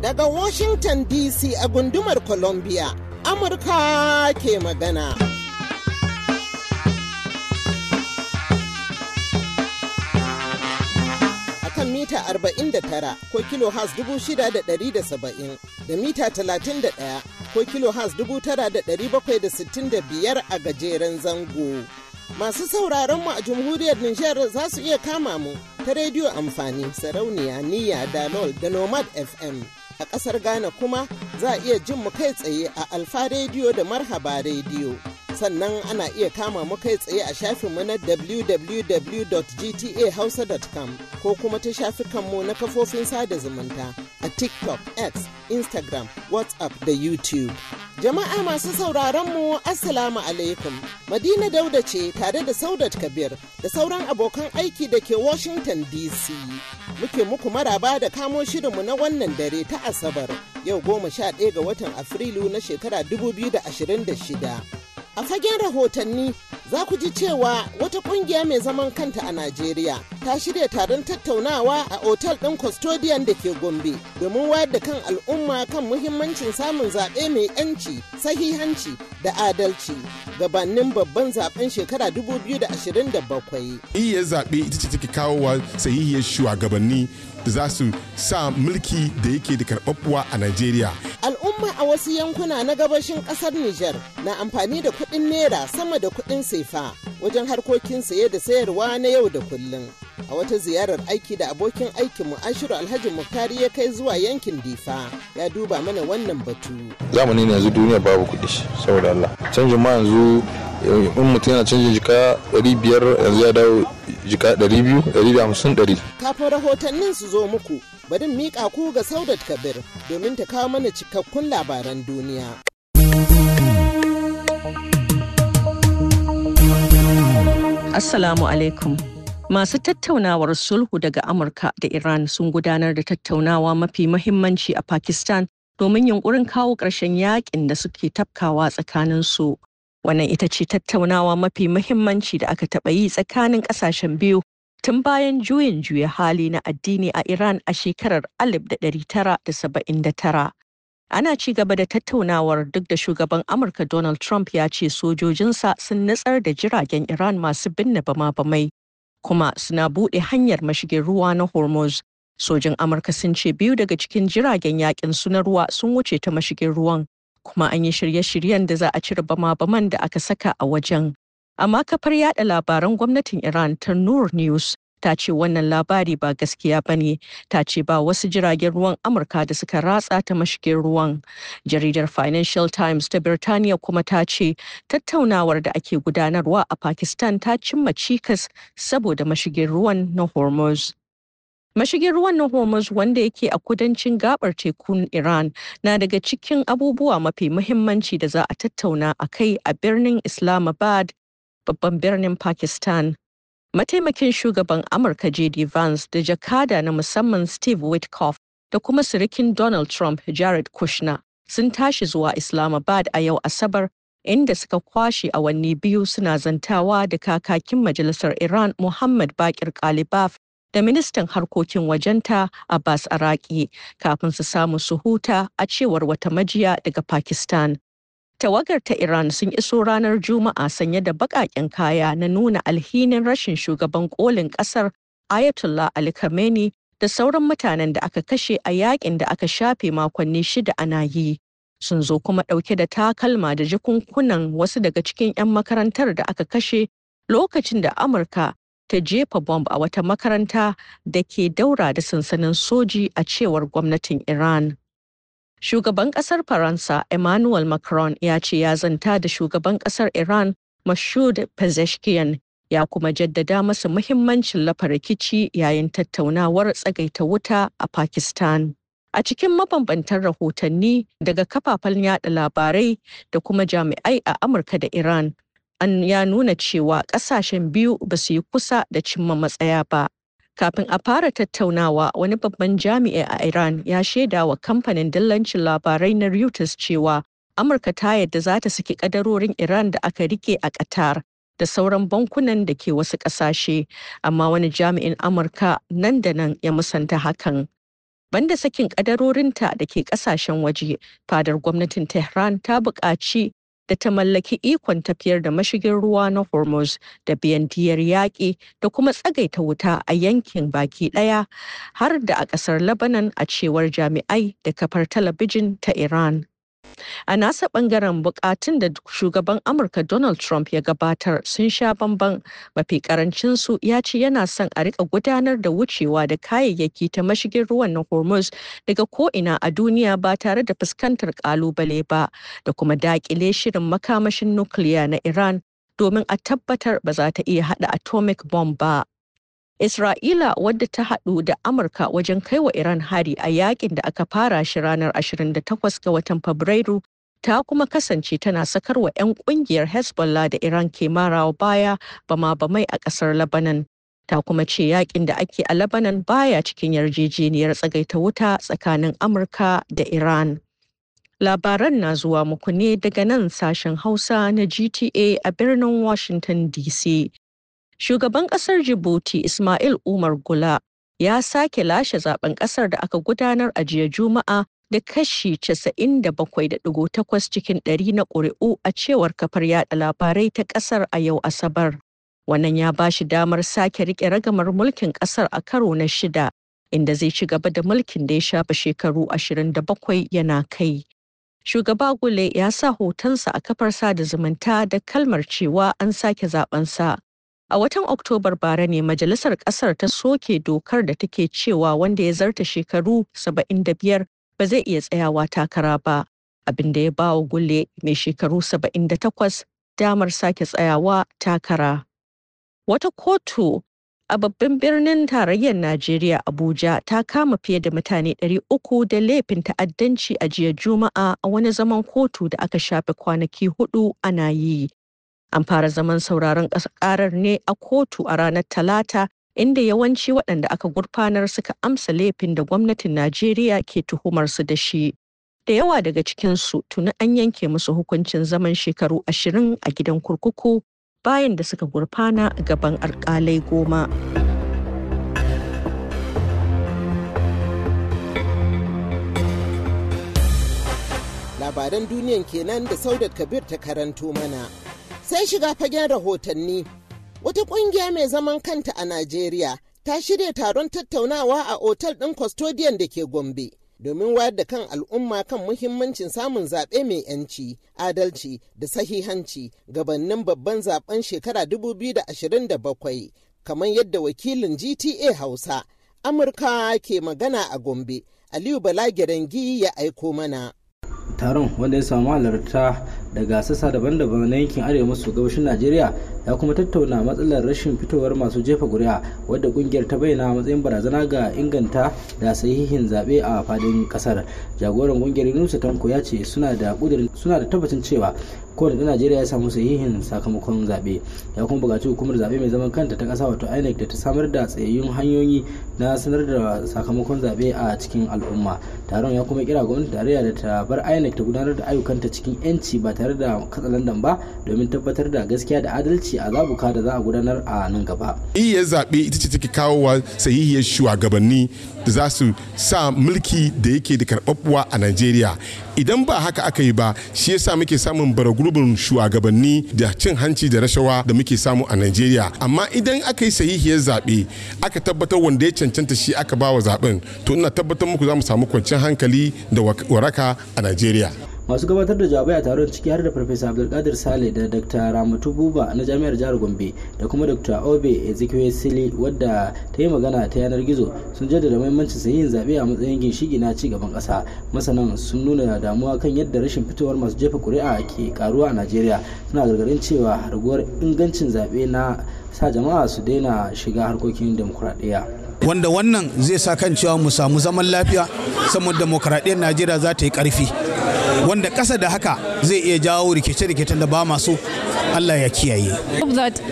Daga Washington DC a gundumar Columbia, Amurka ke magana. Akan mita 49 ko kilo has 6,670 da mita 31 ko kilo has 9,765 a gajeren zango. Masu sauraron mu a jamhuriyar Nijar za su iya kama mu ta rediyo amfani sarauniya niyya dalol da nomad FM. A ƙasar Ghana kuma za a iya jin mu kai tsaye a alfa rediyo da marhaba rediyo. sannan ana iya kama mu kai tsaye a shafinmu na www.gtahausa.com ko kuma ta shafikanmu na kafofin sada zumunta a tiktok x instagram whatsapp da youtube jama'a masu sauraron mu assalamu alaikum madina dauda ce tare da saudat kabir da sauran abokan aiki da ke washington dc muke muku maraba da kamo shirinmu na wannan dare ta asabar yau goma sha ɗaya ga watan afrilu na shekara 2026 A fagen rahotanni za ku ji cewa wata kungiya mai zaman kanta a Najeriya ta shirya taron tattaunawa a otal ɗin custodian da ke Gombe domin wayar da kan al'umma kan muhimmancin samun zaɓe mai yanci, sahihanci da adalci gabanin babban zaben shekara 2027. Iya zaɓe ita ce take kawowa sahihiyar shugabanni za su sa mulki da yake da karɓaɓɓuwa a Najeriya. Al'umma a wasu yankuna na gabashin ƙasar Nijar na amfani da kuɗin naira sama da kuɗin saifa wajen harkokin saye da sayarwa na yau da kullum. a wata ziyarar aiki da abokin aikinmu ashiru alhaji muktari ya kai zuwa yankin difa ya duba mana wannan batu ne yanzu duniya babu kuɗi saboda allah canjin ma yanzu in mutum yana canjin jika 500 yanzu ya dawo jika 200 kafin rahotannin su zo muku bari miƙa ku ga saudat kabir domin ta kawo mana cikakkun labaran duniya assalamu alaikum Masu tattaunawar sulhu daga Amurka da Iran sun gudanar da tattaunawa mafi mahimmanci a Pakistan domin yunkurin kawo ƙarshen yakin da suke tafkawa tsakaninsu. Wannan ita ce tattaunawa mafi muhimmanci da aka taɓa yi tsakanin ƙasashen biyu tun bayan juyin juya hali na addini a Iran a shekarar 1979. Ana ci gaba da tattaunawar duk da shugaban Amurka Donald Trump ya ce sojojinsa sun nutsar da jiragen Iran masu binne bama-bamai kuma suna buɗe hanyar mashigin ruwa na Hormuz. Sojin Amurka sun ce biyu daga cikin jiragen yakin su na ruwa sun wuce ta mashigin ruwan kuma an yi shirye-shiryen da za a cire bama-baman da aka saka a wajen. Amma kafar yada labaran gwamnatin Iran ta Nur News ta ce wannan labari ba gaskiya ba ne ta ce ba wasu jiragen ruwan amurka da suka ratsa ta mashigin ruwan jaridar financial times ta birtaniya kuma ta ce tattaunawar da ake gudanarwa a pakistan ta cimma cikas saboda mashigin ruwan na hormuz Mashigin ruwan na Hormuz wanda yake a kudancin gabar tekun Iran na daga cikin abubuwa mafi muhimmanci da za a tattauna a kai a birnin Islamabad, babban birnin Pakistan. Mataimakin shugaban Amurka J.D. Vance da jakada na musamman Steve Witkoff da kuma sirikin Donald Trump Jared Kushner sun tashi zuwa Islamabad a yau Asabar inda suka kwashe awanni biyu suna zantawa da kakakin majalisar Iran Muhammad Bakir Kalibaf da ministan harkokin wajenta Abbas Araki kafin su samu su huta a cewar wata majiya daga Pakistan. Tawagar ta Iran sun iso ranar Juma'a sanye da baƙaƙen kaya na nuna alhinin rashin shugaban kolin ƙasar Ayatollah Ali Khamenei da sauran mutanen da aka kashe a yakin da aka shafe makonni shida ana yi. Sun zo kuma ɗauke da takalma da jikunkunan wasu daga cikin 'yan makarantar da aka kashe lokacin da Amurka ta jefa bomb a wata makaranta da ke daura da sansanin soji a cewar gwamnatin Iran. Shugaban ƙasar Faransa Emmanuel Macron ya ce ya zanta da shugaban ƙasar Iran mashud Pezeshkian ya kuma jaddada masa muhimmancin lafa rikici yayin tattaunawar tsagaita wuta a Pakistan. A cikin mabambantan rahotanni daga kafafen yada labarai da kuma jami'ai a Amurka da Iran, an ya nuna cewa kasashen biyu ba su yi kusa da cimma matsaya ba. Kafin a fara tattaunawa wani babban jami'i a Iran ya shaida wa kamfanin dillancin labarai na Reuters cewa Amurka ta yadda za ta saki kadarorin Iran da aka rike a Qatar da sauran bankunan da ke wasu kasashe amma wani jami'in Amurka nan da nan ya musanta hakan. Banda sakin kadarorinta da ke kasashen waje, fadar gwamnatin Tehran ta buƙaci da ta mallaki ikon tafiyar da mashigin ruwa na hormuz da diyar yaƙi da kuma tsagaita wuta a yankin baki ɗaya har da a ƙasar lebanon a cewar jami'ai da kafar talabijin ta iran A nasa bangaren bukatun da shugaban Amurka Donald Trump ya gabatar sun sha bamban mafi karancinsu ya ce yana son a rika gudanar da wucewa da kayayyaki ta mashigin ruwan na Hormuz daga ko'ina a duniya ba tare da fuskantar kalubale ba da kuma dakile shirin makamashin nukiliya na Iran domin a tabbatar ba za ta iya hada atomic bomb ba. Isra'ila wadda ta haɗu da Amurka wajen kai wa Iran hari a yakin da aka fara shi ranar 28 ga watan Fabrairu ta kuma kasance tana sakar wa 'yan kungiyar Hezbollah da Iran ke marawa baya bama bamai a ƙasar Lebanon. Ta kuma ce yakin da ake a Lebanon baya cikin yarjejeniyar tsagaita wuta tsakanin Amurka da Iran. Labaran na zuwa muku ne daga nan sashen Hausa na GTA a birnin Washington DC. Shugaban ƙasar Jibuti Ismail Umar Gula ya sake lashe zaɓen ƙasar da aka gudanar a jiya Juma'a da kashi 97.8 cikin ɗari na ƙuri'u a cewar kafar yada labarai ta ƙasar a yau Asabar. Wannan ya ba shi damar sake riƙe ragamar mulkin ƙasar a karo na shida, inda zai ci gaba da mulkin da ya shafa shekaru 27 yana kai. Shugaba Gule ya sa hotonsa a kafar sada zumunta da kalmar cewa an sake sa. A watan Oktobar bara ne majalisar ƙasar ta soke dokar da take cewa wanda ya zarta shekaru 75 ba zai iya tsayawa takara ba, abin da ya ba wa Gulle mai shekaru 78 damar sake tsayawa takara. Wata kotu a babban birnin tarayyar Najeriya Abuja ta kama fiye da mutane 300 da laifin ta'addanci a jiya Juma'a a wani zaman kotu da aka shafe kwanaki hudu ana yi. An fara zaman sauraron ƙarar ne a kotu a ranar Talata inda yawanci waɗanda aka gurfanar suka amsa laifin da gwamnatin Najeriya ke tuhumar su da shi. Da yawa daga cikinsu tuni an yanke musu hukuncin zaman shekaru ashirin a gidan kurkuku bayan da suka gurfana a gaban alƙalai goma. Labaran duniyan kenan da Saudat Kabir ta karanto mana. Sai shiga fagen rahotanni. Wata ƙungiya mai zaman kanta a Najeriya ta shirya taron tattaunawa a otal ɗin custodian da ke Gombe. Domin wayar da kan al'umma kan muhimmancin samun zaɓe mai 'yanci, adalci da sahihanci gabanin babban zaben shekara 2027 kamar yadda wakilin GTA Hausa Amurka ke magana a Gombe, Aliyu Bala Girangi ya aiko mana. taron wanda ya samu halarta daga sassa daban-daban na yankin arewa maso gabashin najeriya ya kuma tattauna matsalar rashin fitowar masu jefa kuri'a wadda kungiyar ta bayyana matsayin barazana ga inganta da sahihin zaɓe a fadin kasar jagoran kungiyar yunusa tanko ya ce suna da tabbacin cewa kowane ɗan najeriya ya samu sahihin sakamakon zaɓe ya kuma buƙaci hukumar zaɓe mai zaman kanta ta ƙasa wato inec da ta samar da tsayayyun hanyoyi na sanar da sakamakon zaɓe a cikin al'umma taron ya kuma kira gwamnati tarayya da ta bar inec ta gudanar da ayyukanta cikin 'yanci ba tare da katsalandan ba domin tabbatar da gaskiya da adalci a zabuka da za a gudanar a nan gaba. Iya zaɓe ita ce take wa sahihiyar shugabanni da za su sa mulki da yake da karɓaɓɓuwa a Najeriya. Idan ba haka aka yi ba shi yasa muke samun baragurbin shugabanni da cin hanci da rashawa da muke samu a Najeriya. Amma idan aka yi sahihiyar zaɓe aka tabbatar wanda ya cancanta shi aka ba wa zaɓen to ina tabbatar muku za mu samu kwanciyar hankali da waraka a Najeriya. masu gabatar da jawabai a taron ciki har da farfesa abdulkadir sale da dr ramatu buba na jami'ar jihar gombe da kuma dr obe ezekiel wadda ta yi magana ta yanar gizo sun jaddada muhimmancin sahihin zaɓe a matsayin ginshiki na ci gaban ƙasa masanan sun nuna damuwa kan yadda rashin fitowar masu jefa kuri'a ke karuwa a najeriya suna gargarin cewa raguwar ingancin zaɓe na sa jama'a su daina shiga harkokin demokuraɗiyya. wanda wannan zai sa kan cewa mu samu zaman lafiya saboda demokuraɗiyyar najeriya za ta yi karfi wanda kasa da haka zai iya jawo rikice-rikicen da ba masu Allah ya kiyaye. that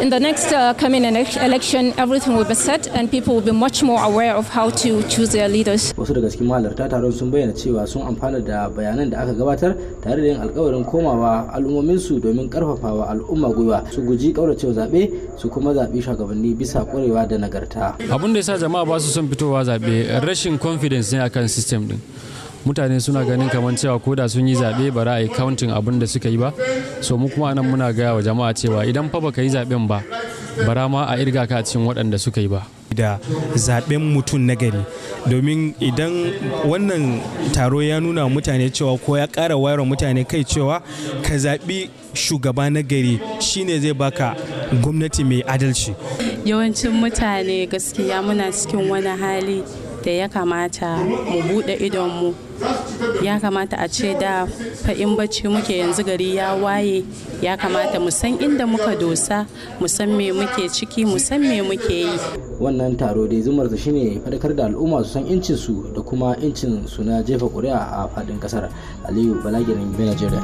in the next uh, coming election everything will be set and people will be much more aware of how to choose their leaders. Wasu daga cikin mahalarta taron sun bayyana cewa sun amfana da bayanan da aka gabatar tare da yin alkawarin komawa su domin karfafawa al'umma gwiwa su guji kauracewa zabe su kuma zaɓi shugabanni bisa kwarewa da nagarta. Abin da yasa jama'a ba su son fitowa zaɓe rashin confidence ne akan system din. mutane suna ganin kamar cewa ko da sun yi zaɓe ba ra'ayi kauntin abin da suka yi ba so mu kuma nan muna gaya wa jama'a cewa idan fa baka yi zaɓen ba bara ma a irga ka a cikin waɗanda suka yi ba da zaɓen mutum na gari domin idan wannan taro ya nuna mutane cewa ko ya ƙara wayar mutane kai cewa ka zaɓi shugaba na gari shine zai baka gwamnati mai adalci yawancin mutane gaskiya muna cikin wani hali da ya kamata mu buɗe idonmu ya kamata a ce da fa'in bacci muke yanzu gari ya waye ya kamata mu san inda muka dosa mu san me muke ciki mu san me muke yi wannan taro dai su shine faɗakar da al'umma su san incin su da kuma incin su na jefa ƙuri'a a faɗin kasar aliyu balagirin nigeria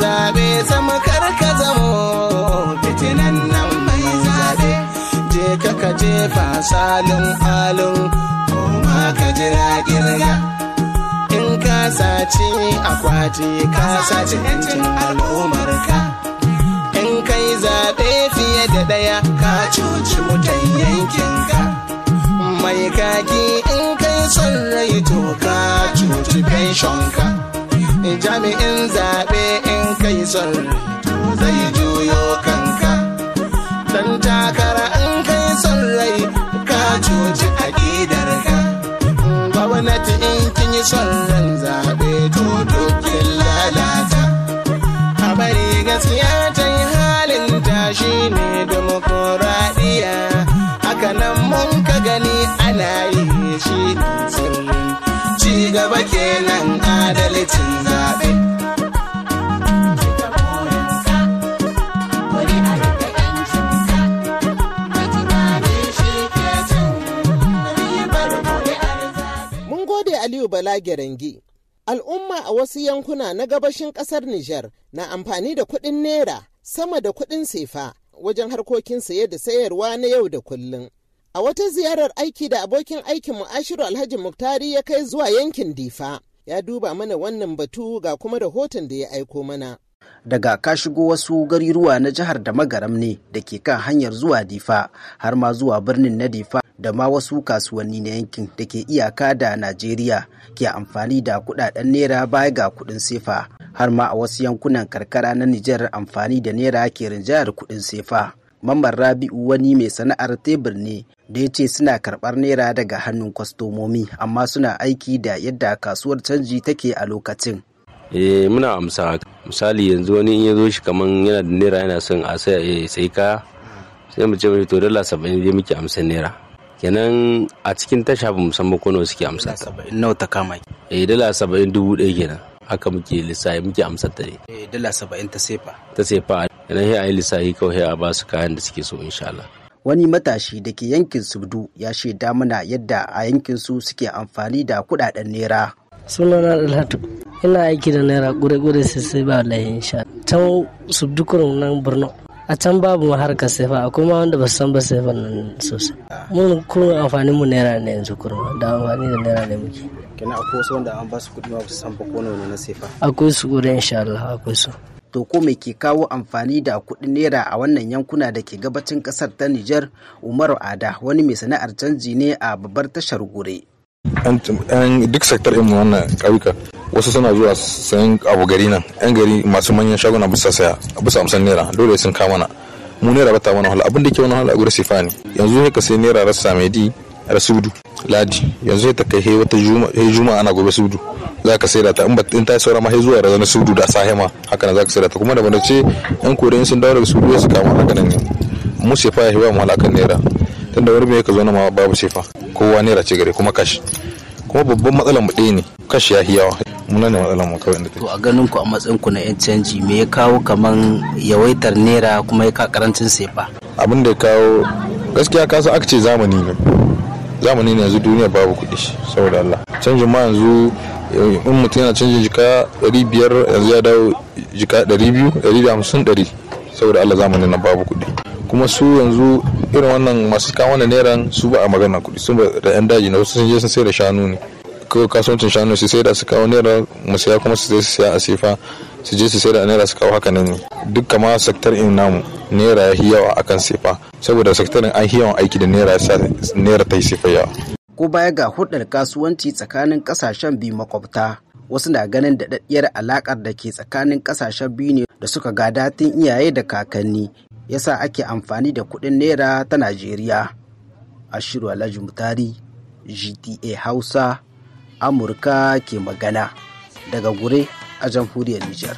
zabe sama kar ka jefa salin alin kuma ka jira girga in ka sace akwati ka sace yancin al'umar ka in kai zaɓe fiye da ɗaya ka cuci mutan yankin ka mai kaki in kai son rai to ka cuci pension ka jami'in zaɓe in kai son rai to zai juyo kanka dan takara in rai ka cuci aƙidar ka gwamnati in kin yi son ran zaɓe to dokin lalata a bari gaskiya ta yi halin tashi ne demokuraɗiyya hakanan mun ka gani ana yi shi ci gaba kenan adalcin zaɓe Gerengi. Al'umma a wasu yankuna na gabashin ƙasar Nijar na amfani da kuɗin Naira sama da kuɗin sefa wajen harkokin saye da sayarwa na yau da kullum. A wata ziyarar aiki da abokin aikin mu Alhaji Muktari ya kai zuwa yankin Difa, ya duba mana wannan batu ga kuma rahoton da ya aiko mana. daga ka shigo wasu gariruwa na jihar da magaram ne da ke kan hanyar zuwa difa har ma zuwa birnin na difa da ma wasu kasuwanni na yankin da ke iyaka da Najeriya ke amfani da kudaden naira baya ga kudin sefa har ma a wasu yankunan karkara na Nijar amfani da naira ke rinjayar kudin sefa. Mamman Rabi'u wani mai sana'ar tebur ne da ya ce suna karɓar naira daga hannun kwastomomi amma suna aiki da yadda kasuwar canji take a lokacin. Eh muna amsa misali yanzu wani in ya zo shi kaman yana da naira yana son a sai eh, kaya sai mu ce mashi to dala saba'in zai muke amsa naira kenan a cikin tasha ba musamman kono suke amsa ta nawa ta kama eh dala saba'in dubu ɗaya kenan haka muke lissafi muke amsa ta ne eh dala saba'in ta sefa ta sefa kenan sai a yi lissafi kawai a ba su kayan da suke so insha Allah wani matashi da ke yankin subdu ya shaida mana yadda a yankin su suke amfani da kudaden naira sunana Alhatu ina aiki da naira gure-gure sai sai ba wallahi sha ta subdu kurun nan borno a can babu harka sefa akwai ma wanda ba su san ba sefa nan sosai mun kuma amfanin mu naira ne yanzu kurma da amfani da naira ne muke kina akwai wasu wanda an ba su kudi ba su san ba ko nawa na sefa akwai su gure insha Allah akwai su to ko me ke kawo amfani da kuɗin naira a wannan yankuna da ke gabacin ƙasar ta Nijar Umaru Ada wani mai sana'ar canji ne a babbar tashar gure duk sektar irin wannan ƙauyuka wasu suna zuwa sayan abu gari nan yan gari masu manyan shaguna bisa saya bisa amsan naira dole sun kama na mu naira bata mana wahala abin da ke wani wahala a gurin sifa ne yanzu sai ka sai naira rasa mai di rasudu ladi yanzu sai ta kai wata juma'a ana gobe sudu za ka sai da ta in ba in ta saura ma he zuwa ranar sudu da sahima haka nan za ka sai da ta kuma da bane ce yan koren sun dawo daga sudu su kama haka nan ne mu sifa ya hiwa mu halakan naira tunda wani mai ka zo na ma babu sifa kowa naira ce gare kuma kashi kuma babban matsalar mu ɗaya ne kashi ya yawa muna ne matsalar mu kawai inda to a ganin ku a matsayin ku na yan canji me ya kawo kaman yawaitar nera kuma ya ka karancin sefa abin da ya kawo gaskiya ka san ce zamani ne zamani ne yanzu duniya babu kuɗi saboda Allah canjin ma yanzu in mutum yana canjin jika 500 yanzu ya dawo jika 200 150 ɗari. saboda Allah zamanin na babu kuɗi kuma su yanzu irin wannan masu kawo wannan naira su ba a magana kuɗi sun da yan daji na wasu sun je sun sai da shanu ne kawai kasuwancin shanu su sai da su kawo naira mu ya kuma su sai su siya a sefa su je su sai da naira su kawo haka nan ne duk kama sektar in namu naira ya a akan sefa saboda sektarin an yawan aiki da naira sa naira ta yi sefa yawa ko baya ga hudar kasuwanci tsakanin kasashen biyu makwabta wasu na ganin daɗaɗɗiyar alaƙar da ke tsakanin ƙasashen biyu ne da suka ga datin iyaye da kakanni yasa ake amfani da kuɗin naira ta najeriya ashiru alhaji mutari gta hausa amurka ke magana daga gure a jamhuriyar nijar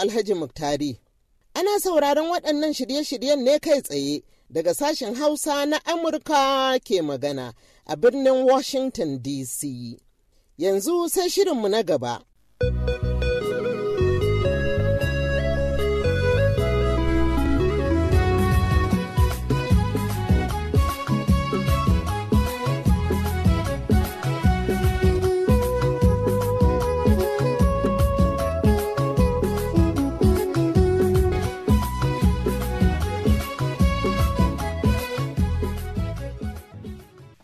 Alhaji Muktari. Ana sauraron waɗannan shirye-shiryen ne kai tsaye daga sashen Hausa na Amurka ke magana a birnin Washington DC. Yanzu sai shirinmu na gaba.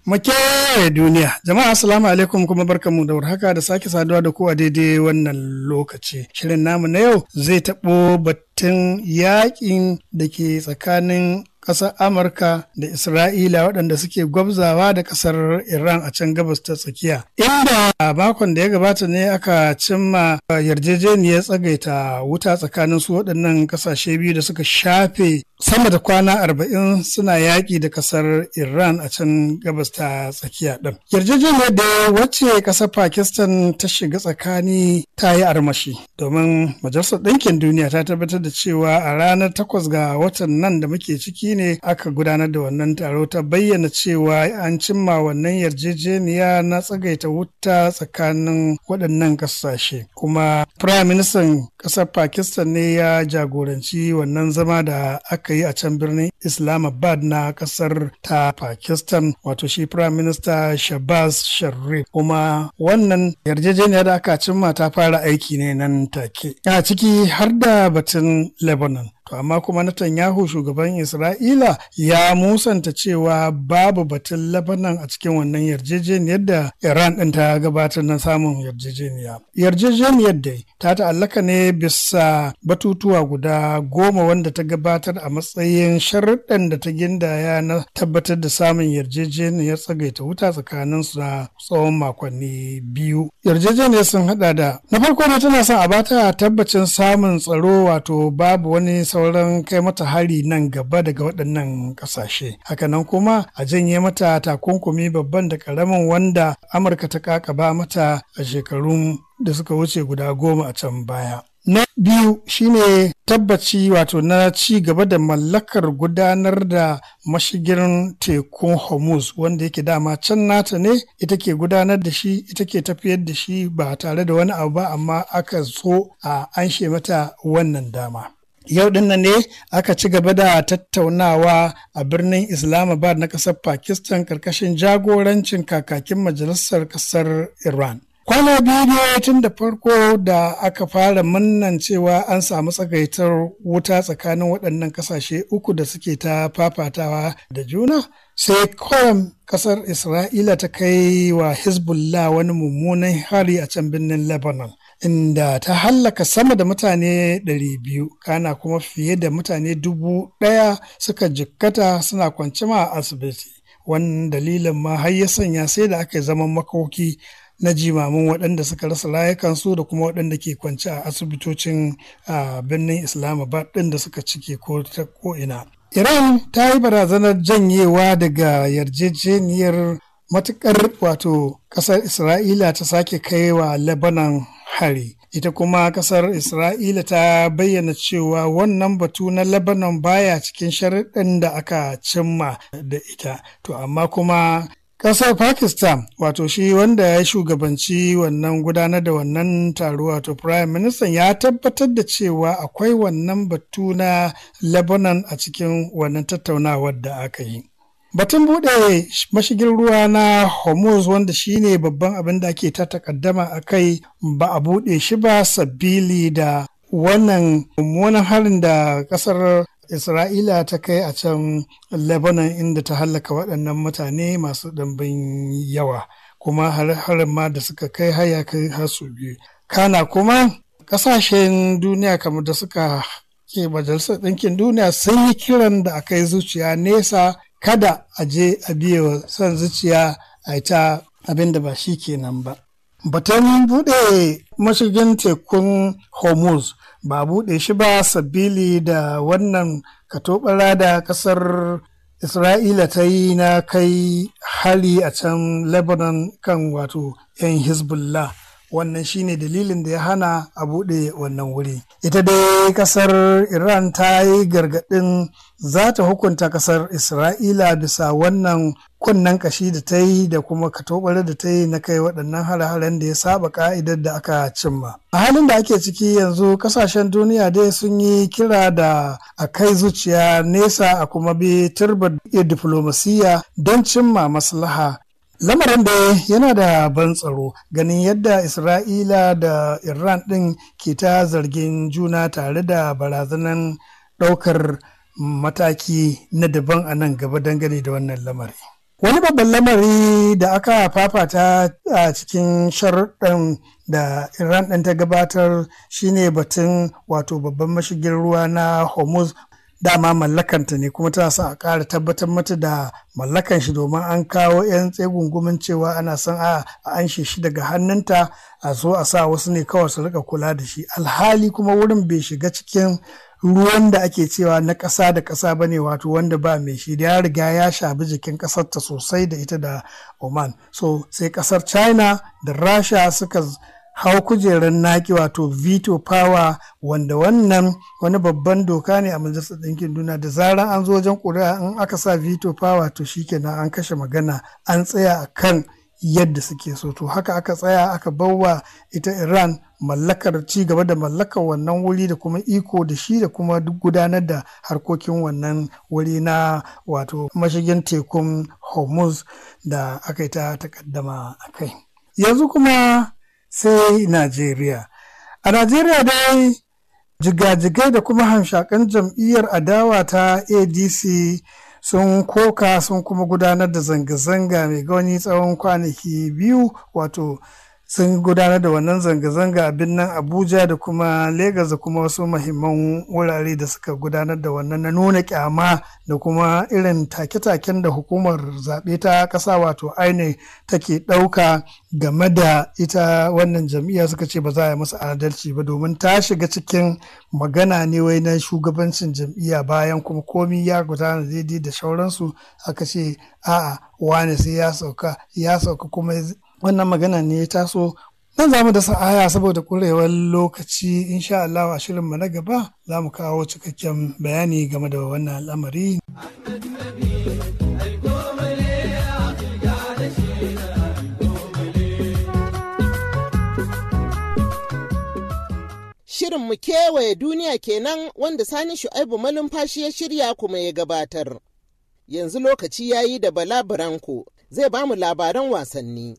Makewaye duniya, jama'a assalamu alaikum kuma mu da warhaka da sake saduwa da ku a daidai wannan lokaci. Shirin namu na yau zai taɓo batun yaƙin da ke tsakanin ƙasar Amurka da Isra'ila waɗanda suke gwabzawa da ƙasar Iran a can gabas ta tsakiya. Inda makon da ya gabata ne aka cimma yarjejeniyar tsagaita wuta tsakanin su waɗannan ƙasashe biyu da suka shafe sama da kwana arba'in suna yaƙi da ƙasar Iran a can gabas ta tsakiya ɗin. Yarjejeniyar da wacce ƙasar Pakistan ta shiga tsakani ta yi armashi domin Majalisar Ɗinkin Duniya ta tabbatar da cewa a ranar takwas ga watan nan da muke ciki ne aka gudanar da wannan taro ta bayyana cewa an cimma wannan yarjejeniya na tsagaita wuta tsakanin waɗannan ƙasashe. Kuma Firayim Ministan ƙasar Pakistan ne ya jagoranci wannan zama da aka aka yi a can birnin Islamabad na kasar ta Pakistan wato shi Prime Minister Shabazz Sharif kuma wannan yarjejeniyar da aka cimma ta fara aiki ne nan take. A ciki har da batun Lebanon. To amma kuma Netanyahu shugaban Isra'ila ya musanta cewa babu batun labanan a cikin wannan yarjejeniyar da Iran din ta gabatar na samun yarjejeniya. Yarjejeniyar dai ta ta'allaka ne bisa batutuwa guda goma wanda ta gabatar a matsayin sharuɗan da ta gindaya na tabbatar da samun yarjejeniyar tsagaita wuta tsakanin su na tsawon makonni biyu. Yarjejeniyar sun haɗa da na farko na tana son a bata tabbacin samun tsaro wato babu wani sauran kai mata hari nan gaba daga waɗannan ƙasashe hakanan kuma a janye mata takunkumi babban da ƙaramin wanda amurka ta kakaba mata a shekarun da suka wuce guda goma a can baya na biyu shine tabbaci wato na ci gaba da mallakar gudanar da mashigin tekun hormuz wanda yake dama can nata ne ita ke gudanar da shi ita ke tafiyar da shi ba tare da wani abu ba amma aka so a anshe mata wannan dama yau din ne aka ci gaba da tattaunawa a birnin islamabad na ƙasar pakistan karkashin jagorancin kakakin majalisar ƙasar iran kwana biyu ne tun da farko da aka fara mannan cewa an samu tsagaitar wuta tsakanin waɗannan ƙasashe uku da suke ta fafatawa da juna sai kawai ƙasar isra'ila ta kai wa hezbollah wani mummunan hari a can birnin lebanon inda ta hallaka sama da mutane 200 kana kuma fiye da mutane dubu ɗaya suka jikkata suna kwance ma a asibiti wannan dalilin ma har ya sanya sai da aka yi zaman makoki na jimamin waɗanda suka rasa rayukansu da kuma waɗanda ke kwance a asibitocin birnin islamabad ɗin da suka cike ko ta ko'ina iran ta yi barazanar janyewa daga yarjejeniyar matukar wato ƙasar isra'ila ta sake kaiwa lebanon hari ita kuma ƙasar isra'ila ta bayyana cewa wannan batu na lebanon baya cikin sharaɗin da aka cimma da ita to amma kuma Ƙasar Pakistan wato shi wanda ya shugabanci wannan gudanar da wannan taro wato Prime Minister ya tabbatar da cewa akwai wannan batu na Lebanon a cikin wannan tattaunawar da aka yi. Batun bude mashigin ruwa na Hormuz wanda shine babban abin da ake ta takaddama a kai ba a bude shi ba sabili da wannan mummunan harin da kasar Isra'ila ta kai a can Lebanon inda ta hallaka waɗannan mutane masu ɗanbin yawa kuma harin ma da suka kai haya kai har su biyu. Kana kuma ƙasashen duniya kamar da suka ke majalisar ɗinkin duniya sun yi kiran da aka yi zuciya nesa kada a je a biye wa son zuciya a ta abin da ba shi kenan ba. Batun buɗe mashigin tekun Hormuz ba buɗe shi ba sabili da wannan katobara da ƙasar Isra'ila ta yi na kai hali a can Lebanon kan wato 'yan Hezbollah. wannan shine dalilin da ya hana a buɗe wannan wuri ita dai kasar iran ta yi gargaɗin za ta hukunta kasar isra'ila bisa wannan kunnen kashi da ta yi da kuma katobar da ta yi na kai waɗannan hare-haren da ya saba ka'idar da aka cimma a halin da ake ciki yanzu kasashen duniya dai sun yi kira da a kai zuciya nesa a kuma bi turbar diplomasiya don cimma maslaha Lamarin da yana da ban tsaro ganin yadda Isra'ila da Iran ɗin ke ta zargin juna tare da barazanan ɗaukar mataki na daban a nan gaba dangane da wannan lamari. Wani babban lamari da aka fafata a cikin sharuɗan da Iran ɗin ta gabatar shine batun wato babban mashigin ruwa na Hormuz dama mallakanta ne kuma tana son a ƙara tabbatar mata da mallakan shi domin an kawo 'yan tsegungumin cewa ana son a an shi daga hannunta a zo a sa wasu ne kawai su rika kula da shi alhali kuma wurin bai shiga cikin ruwan da ake cewa na ƙasa da ƙasa ba ne wato wanda ba mai shi ya riga ya shabi jikin ƙasarta sosai da ita da oman so sai ƙasar china da rasha suka hau kujerar naki wato vito power wanda wannan wani babban doka ne a majalisar ɗinkin duniya da zaran an zo wajen ƙuri'a in aka sa vito power to shikenan an kashe magana an tsaya a kan yadda suke so to haka aka tsaya aka bawa ita iran mallakar ci gaba da mallakar wannan wuri da kuma iko da shi da kuma duk gudanar da harkokin wannan wuri na wato mashigin tekun hormuz da aka yi ta takaddama a kai yanzu kuma sai Najeriya. A Najeriya dai jigajigai da kuma hamshakan jam'iyyar adawa ta ADC sun koka sun kuma gudanar da zanga-zanga mai gani tsawon kwanaki biyu wato sun gudanar da wannan zanga-zanga a birnin abuja da kuma Legas da kuma wasu mahimman wurare da suka gudanar da wannan na nuna kyama da kuma irin take-taken da hukumar zaɓe ta ƙasa wato aine take ɗauka game da ita wannan jam'iyya suka ce ba za a yi masa adalci ba domin ta shiga cikin magana ne wai na shugabancin jam'iyya bayan kuma komi ya gudana daidai da shauransu aka ce a'a wane sai ya sauka ya sauka kuma wannan magana ne ya taso nan za mu da sa'aya saboda kurewar lokaci insha Allah a shirinmu na gaba za mu kawo cikakken bayani game da wannan al'amari. shirin mu kewaye duniya kenan wanda sani shu'aibu malumfashi ya shirya kuma ya gabatar. Yanzu lokaci ya yi da Bala Branko zai ba mu labaran wasanni.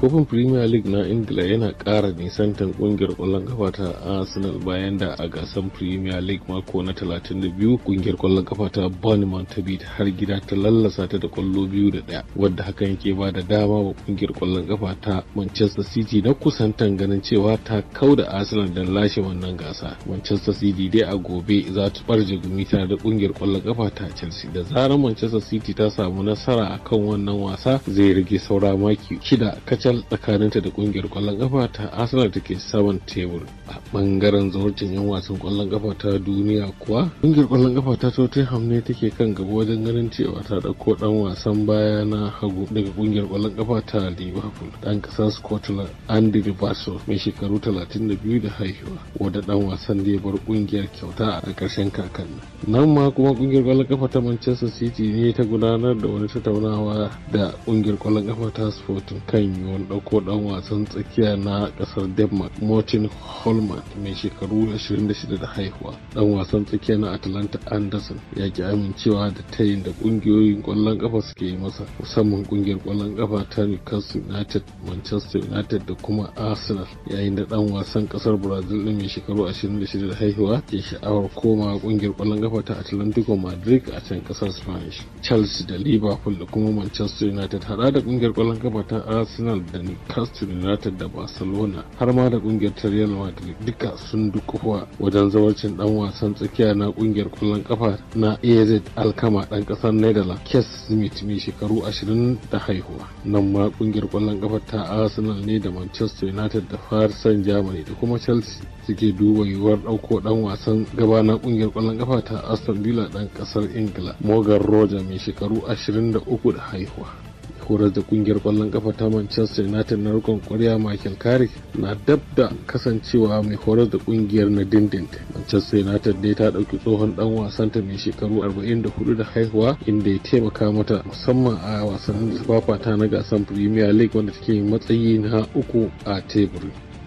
kofin premier league na ingila yana ƙara nisantan ƙungiyar kwallon kafa ta arsenal bayan da a gasar premier league mako na 32 ƙungiyar ƙwallon kafa ta bournemouth ta bi har gida ta lallasa ta da kwallo biyu da ɗaya wadda hakan yake ba da dama wa ƙungiyar kwallon kafa ta manchester city na kusantan ganin cewa ta kau da arsenal don lashe wannan gasa manchester city dai a gobe za ta bar gumi tare da kungiyar kwallon kafa ta chelsea da zarar manchester city ta samu nasara akan wannan wasa zai rage saura maki shida kacal tsakanin tsakaninta da kungiyar kwallon kafa ta arsenal ke saman tebur a bangaren zaurcin yan wasan kwallon kafa ta duniya kuwa kungiyar kwallon kafa ta tottenham ne take kan gaba wajen ganin cewa ta dauko dan wasan baya na hagu daga kungiyar kwallon kafa ta liverpool dan kasar scotland andy robertson mai shekaru 32 da haihuwa wadda dan wasan da ya bar kungiyar kyauta a karshen kakan nan ma kuma kungiyar kwallon kafa ta manchester city ne ta gudanar da wani tattaunawa da kungiyar kwallon kafa ta sporting kan yiwu an ɗauko ɗan wasan tsakiya na kasar denmark martin holman mai shekaru 26 da haihuwa ɗan wasan tsakiya na atlanta anderson ya ki amincewa da tayin da ƙungiyoyin ƙwallon ƙafa suke yi masa musamman ƙungiyar ƙwallon ƙafa ta newcastle united manchester united da kuma arsenal yayin da ɗan wasan ƙasar brazil mai shekaru 26 da haihuwa ke sha'awar koma ƙungiyar ƙwallon ƙafa ta atlantico madrid a can ƙasar spanish chelsea da liverpool da kuma manchester united hada da ƙungiyar ƙwallon ƙafa ta arsenal da Newcastle United da Barcelona har ma da kungiyar ta Real Madrid duka sun dukufa wajen zawarcin dan wasan tsakiya na kungiyar kwallon kafa na AZ Alkama dan kasar Netherlands Kes Smith mai shekaru 20 da haihuwa. Nan ma kungiyar kwallon kafa ta Arsenal ne da Manchester United da farsan Germany da kuma Chelsea suke duba yiwuwar ɗauko ɗan wasan gaba na ƙungiyar kwallon kafa ta Aston Villa ɗan kasar Ingila Morgan Roger mai shekaru 23 da haihuwa. horar da kungiyar kwallon kafa ta manchester united na rikon kwarya michael carrick na dab da kasancewa mai horar da kungiyar na dindin manchester united dai ta ɗauki tsohon dan wasanta mai shekaru 44 da haihuwa inda ya taimaka mata musamman a wasannin da ta na gasar premier league wanda take matsayi na uku a tebur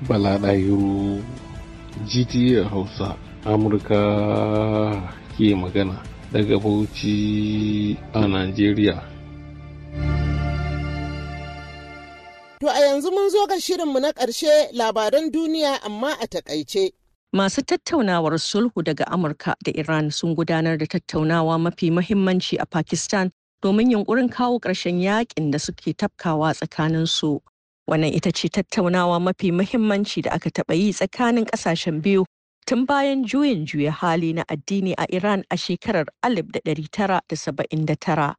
bala ɗayiro gta hausa amurka ke magana daga bauchi a najeriya To a yanzu mun zo ga shirinmu na ƙarshe labaran duniya amma a takaice. Masu tattaunawar sulhu daga Amurka da Iran sun gudanar da tattaunawa mafi mahimmanci a Pakistan domin yunkurin kawo ƙarshen yakin da suke tafkawa tsakanin su Wannan ita ce tattaunawa mafi mahimmanci da aka taɓa yi tsakanin ƙasashen biyu tun bayan juyin juya hali na addini a Iran a shekarar 1979.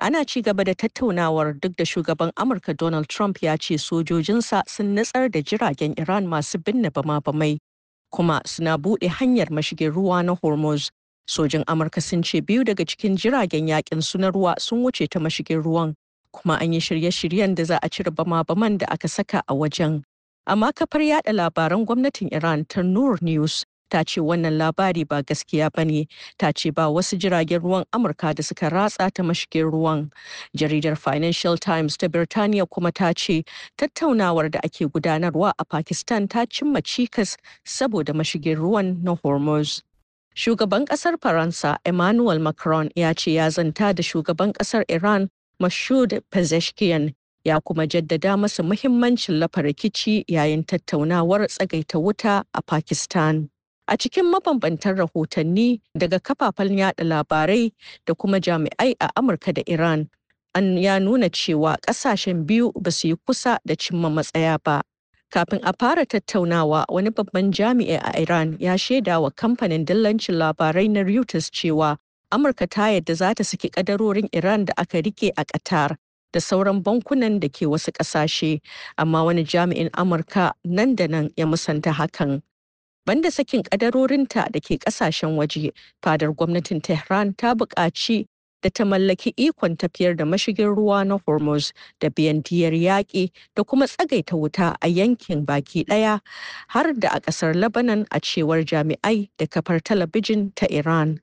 ana ci gaba da tattaunawar duk da shugaban amurka donald trump ya ce sojojinsa sun nutsar da jiragen iran masu binne bama-bamai kuma suna buɗe hanyar mashigin ruwa na hormuz sojin amurka sun ce biyu daga cikin jiragen yakin su na ruwa sun wuce ta mashigin ruwan kuma an yi shirye-shiryen da za a cire bama-baman da aka saka a wajen amma kafar yada labaran gwamnatin iran ta nur news ta ce wannan labari ba gaskiya ba ne ta ce ba wasu jiragen ruwan amurka da suka ratsa ta mashigin ruwan jaridar financial times ta birtaniya kuma ta ce tattaunawar da ake gudanarwa a pakistan ta cimma cikas saboda mashigin ruwan na hormuz shugaban kasar faransa emmanuel macron ya ce ya zanta da shugaban kasar iran mashud pezeshkian ya kuma jaddada masa muhimmancin lafa rikici yayin tattaunawar tsagaita wuta a Pakistan. a cikin mabambantan rahotanni daga kafafen yada labarai da kuma jami'ai a amurka da iran an ya nuna cewa kasashen biyu ba su yi kusa da cimma matsaya ba kafin a fara tattaunawa wani babban jami'i a iran ya shaida wa kamfanin dillancin labarai na reuters cewa amurka ta yadda za ta saki kadarorin iran da aka rike a qatar da sauran bankunan da ke wasu ƙasashe amma wani jami'in amurka nan da nan ya musanta hakan banda sakin kadarorinta da ke kasashen waje fadar gwamnatin tehran ta buƙaci da ta mallaki ikon tafiyar da mashigin ruwa na hormuz da biyandiyar yaƙi da kuma tsagaita wuta a yankin baki ɗaya har da a ƙasar lebanon a cewar jami'ai da kafar talabijin ta iran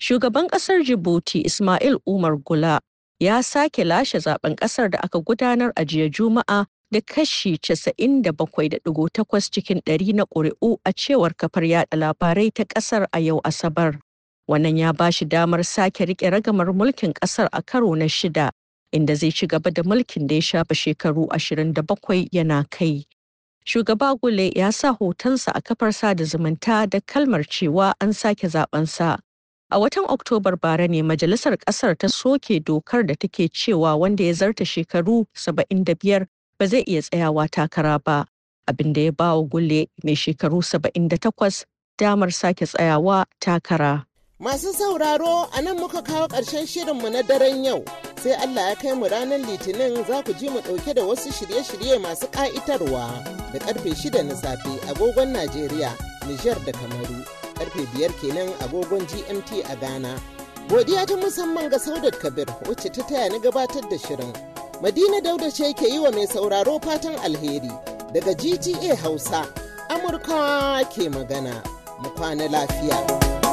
shugaban ƙasar djibouti ismail umar gula ya sake lashe zaben ƙasar da aka gudanar a jiya juma'a da kashi 97.8 cikin ɗari na ƙuri'u a cewar kafar yaɗa labarai ta ƙasar a yau Asabar. Wannan ya ba shi damar sake riƙe ragamar mulkin ƙasar a karo na shida, inda zai ci gaba da mulkin da ya shafa shekaru 27 yana kai. Shugaba Gule ya sa hotonsa a kafar sada zumunta da kalmar cewa an sake zabensa. A watan Oktobar bara ne majalisar ƙasar ta soke dokar da take cewa wanda ya zarta shekaru 75 ba zai iya tsayawa takara ba, abin da ya ba wa Gulle mai shekaru saba'in da takwas, damar sake tsayawa takara. Masu sauraro a nan muka kawo ƙarshen shirinmu na daren yau, sai Allah ya kai mu ranar Litinin za ku ji mu ɗauke da wasu shirye-shirye masu ƙa'itarwa da ƙarfe shida na safe agogon Najeriya, Nijar da Kamaru, ƙarfe biyar kenan agogon GMT a Ghana. Godiya ta musamman ga Saudat Kabir wacce ta taya ni gabatar da shirin. Madina Dauda ce ke yi wa mai sauraro fatan alheri daga GTA Hausa, Amurka ke magana, mu kwana lafiya.